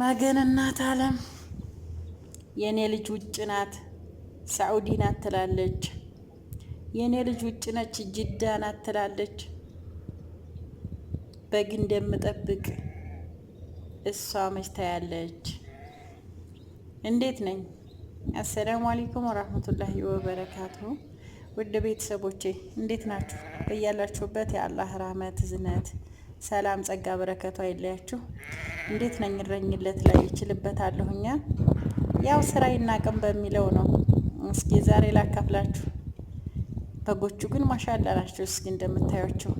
መገን እናት አለም የእኔ ልጅ ውጭ ናት፣ ሳዑዲ ናት ትላለች። የእኔ ልጅ ውጭ ነች፣ ጅዳ ናት ትላለች። በግ እንደምጠብቅ እሷ መችታ ያለች። እንዴት ነኝ? አሰላሙ አሌይኩም ወራህመቱላሂ ወበረካቱ። ውድ ቤተሰቦቼ እንዴት ናችሁ? በያላችሁበት የአላህ ራህመት እዝነት ሰላም ጸጋ በረከቱ አይለያችሁ። እንዴት ነኝ እረኝለት ላይ ይችልበታለሁ ያው ስራ ይናቅም በሚለው ነው። እስኪ ዛሬ ላካፍላችሁ። በጎቹ ግን ማሻላ ናቸው። እስኪ እንደምታያቸው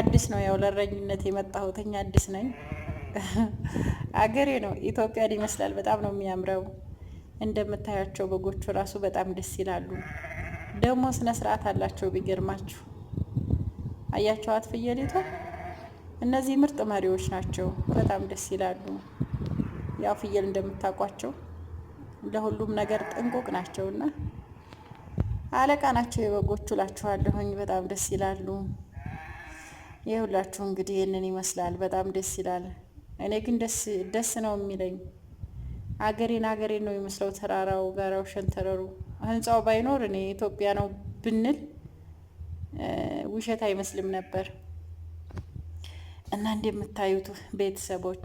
አዲስ ነው። ያው ለእረኝነት የመጣሁትኝ አዲስ ነኝ። አገሬ ነው ኢትዮጵያን ይመስላል። በጣም ነው የሚያምረው። እንደምታያቸው በጎቹ ራሱ በጣም ደስ ይላሉ። ደግሞ ስነ ስርዓት አላቸው። ቢገርማችሁ አያቸዋት ፍየሊቷ እነዚህ ምርጥ መሪዎች ናቸው። በጣም ደስ ይላሉ። ያው ፍየል እንደምታውቋቸው ለሁሉም ነገር ጥንቁቅ ናቸውና አለቃ ናቸው የበጎቹ ላችኋለሁኝ። በጣም ደስ ይላሉ። የሁላችሁ እንግዲህ ይህንን ይመስላል። በጣም ደስ ይላል። እኔ ግን ደስ ነው የሚለኝ አገሬን አገሬን ነው የሚመስለው። ተራራው፣ ጋራው፣ ሸንተረሩ፣ ህንፃው ባይኖር እኔ ኢትዮጵያ ነው ብንል ውሸት አይመስልም ነበር። እና እንደምታዩት ቤተሰቦች